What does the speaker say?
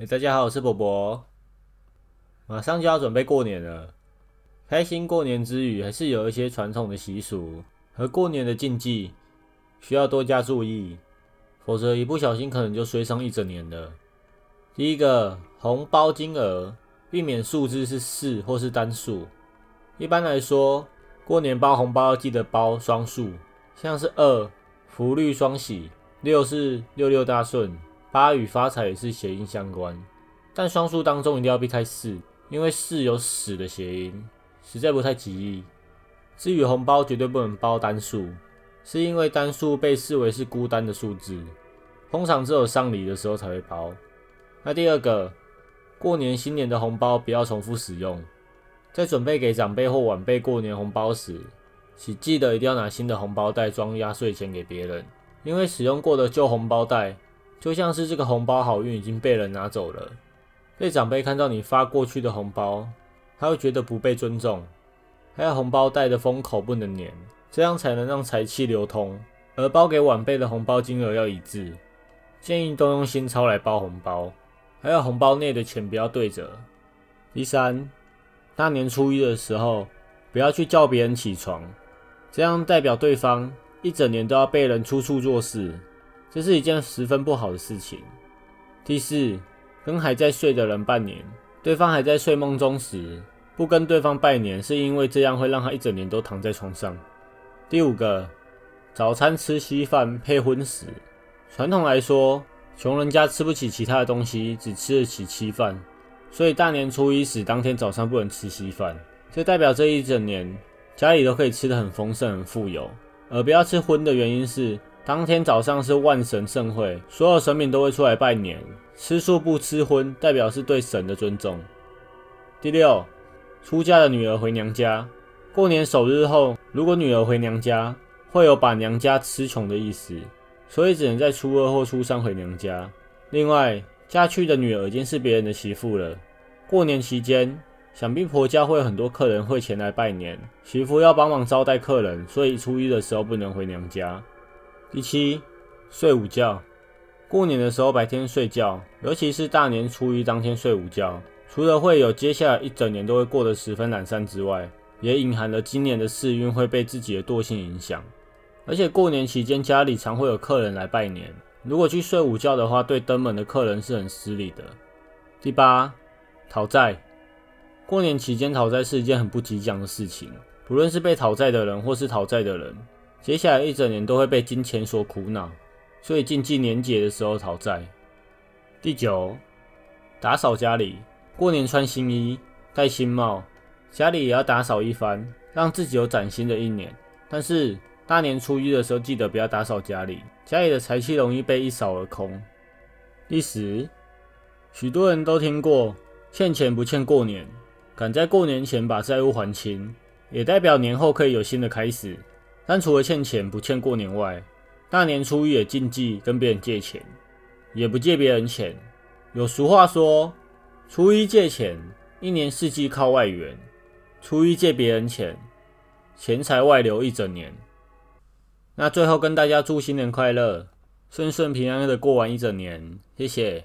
欸，大家好，我是博博。馬上就要準備過年了，開心過年之餘，還是有一些傳統的習俗和過年的禁忌，需要多加注意，否則一不小心可能就衰上一整年了。第一個，紅包金額，避免數字是四或是單數。一般來說，過年包紅包要記得包雙數，像是二，福祿雙喜；六是六六大順。八與發財也是諧音相關，但雙數當中一定要避開四，因為四有死的諧音，實在不太吉利。至於紅包，絕對不能包單數，是因為單數被視為是孤單的數字，通常只有喪禮的時候才會包。那第二個，過年新年的紅包不要重複使用，在準備給長輩或晚輩過年紅包時，請記得一定要拿新的紅包袋裝壓歲錢給別人，因為使用過的舊紅包袋，就像是這個紅包好運已經被人拿走了，被長輩看到你發過去的紅包，他會覺得不被尊重。還有紅包袋的封口不能粘，這樣才能讓財氣流通。而包給晚輩的紅包金額要一致，建議都用新鈔來包紅包。還有紅包內的錢不要對折。第三，大年初一的時候不要去叫別人起床，這樣代表對方一整年都要被人處處做事。這是一件十分不好的事情。第四，跟還在睡的人拜年，對方還在睡夢中時，不跟對方拜年，是因為這樣會讓他一整年都躺在床上。第五個，早餐吃稀飯配葷食。傳統來說，窮人家吃不起其他的東西，只吃得起稀飯，所以大年初一時，當天早上不能吃稀飯，這代表這一整年家裡都可以吃得很豐盛、很富有。而不要吃葷的原因是。當天早上是萬神盛會，所有神明都會出來拜年。吃素不吃葷，代表是對神的尊重。第六，出嫁的女兒回娘家。過年首日後，如果女兒回娘家，會有把娘家吃窮的意思，所以只能在初二或初三回娘家。另外，嫁去的女兒已經是別人的媳婦了。過年期間，想必婆家會有很多客人會前來拜年，媳婦要幫忙招待客人，所以初一,一的時候不能回娘家。第七，睡午覺。過年的時候白天睡覺，尤其是大年初一當天睡午覺，除了會有接下來一整年都會過得十分懶散之外，也隱含了今年的時運會被自己的惰性影響。而且過年期間家裡常會有客人來拜年，如果去睡午覺的話，對登門的客人是很失禮的。第八，討債。過年期間討債是一件很不吉祥的事情，不論是被討債的人或是討債的人。接下來一整年都會被金錢所苦惱，所以禁忌年節的時候討債。第九，打掃家裡，過年穿新衣、戴新帽，家裡也要打掃一番，讓自己有嶄新的一年。但是大年初一的時候，記得不要打掃家裡，家裡的財氣容易被一掃而空。第十，許多人都聽過，欠錢不欠過年，趕在過年前把債務還清，也代表年後可以有新的開始。但除了欠錢不欠過年外，大年初一也禁忌跟別人借錢，也不借別人錢。有俗話說：“初一借錢，一年四季靠外援；初一借別人錢，錢財外流一整年。”那最後跟大家祝新年快樂，順順平安的過完一整年，謝謝。